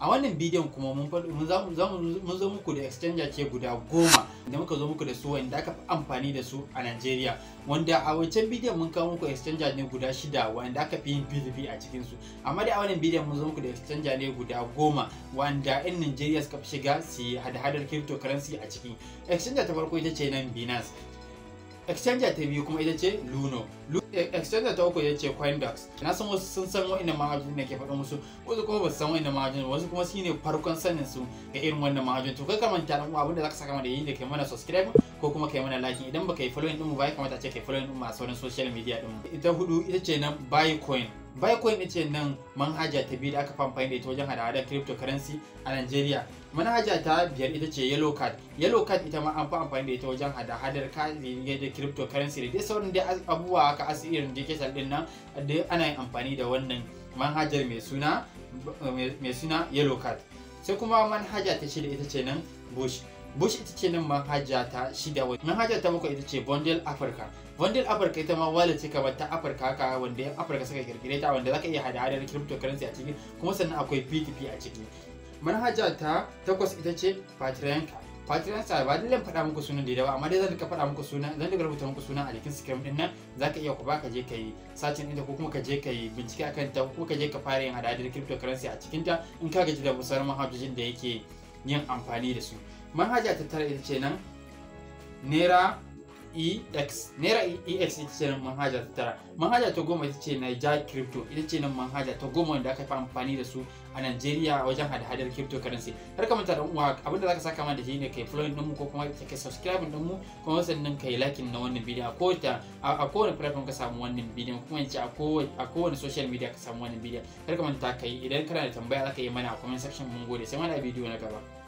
a wannan bidiyon kuma mun mun zo muku da exchanger ke guda goma da muka zo muku da su wanda aka fi amfani da su a Najeriya wanda a wancan bidiyon mun kawo muku exchanger ne guda shida wanda aka fi yin bilibi a cikin su amma da a wannan bidiyon mun zo muku da exchanger ne guda goma wanda yan Najeriya suka fi shiga su yi hada-hadar cryptocurrency a ciki exchanger ta farko ita ce nan Binance exchanger ta biyu kuma ita ce luno eh, exchanger ta uku ita ce coindex na san wasu sun san wa'annan manhajojin da ke faɗa musu wasu kuma ba su san na manhajojin wasu kuma ne farkon sanin su ga irin wannan manhajojin to kai ka manta da abin da zaka saka mana yi da kai mana subscribe ko kuma kai mana like idan baka yi following din mu ba ya kamata ce kai following din mu a sauran social media din ita hudu ita ce na buy coin Bitcoin ita nan manhaja ta biyu da aka amfani da ita wajen hada-hadar cryptocurrency a Najeriya. Manhaja ta biyar ita ce Yellow Card. Yellow Card ita ma an fi amfani da ita wajen hada-hadar da cryptocurrency da dai sauran dai abubuwa haka asirin digital din nan da ana yin amfani da wannan manhajar mai suna mai suna Yellow Card. Sai kuma manhaja ta shida ita ce nan Bush. bush ita ce nan manhaja ta shida manhaja ta muka ita ce bondel africa bondel africa ita ma wallet ce kamar ta africa haka wanda yan africa suka kirkire ta wanda zaka iya hada hadar cryptocurrency a ciki kuma sannan akwai p2p a ciki manhaja ta takwas ita ce patrianka Fatiran sa ba dalilin faɗa muku sunan da ba amma dai zan ka faɗa muku sunan zan rika rubuta muku sunan a jikin screen din nan zaka iya ku ba ka je kai satin ɗinta ko kuma ka je kai bincike akan ta ko ka je ka fara yin hada-hadar cryptocurrency a cikin ta in ka gaji da sauran manhajojin da yake yin amfani da su manhaja ta tara ita ce nan naira ex naira ex ita ce nan manhaja ta tara manhaja ta goma ita ce naija crypto ita ce nan manhaja ta goma wanda aka fi amfani da su a Najeriya wajen hada-hadar cryptocurrency har ka manta da uwa abinda ka saka kama da shi ne kai following din mu ko kuma kai subscribe din mu kuma sannan kai like na wannan bidiyo a kowace a kowane platform ka samu wannan bidiyo kuma yanci a kowane social media ka samu wannan bidiyo har ka manta kai idan kana da tambaya za ka yi mana a comment section mun gode sai mana bidiyo na gaba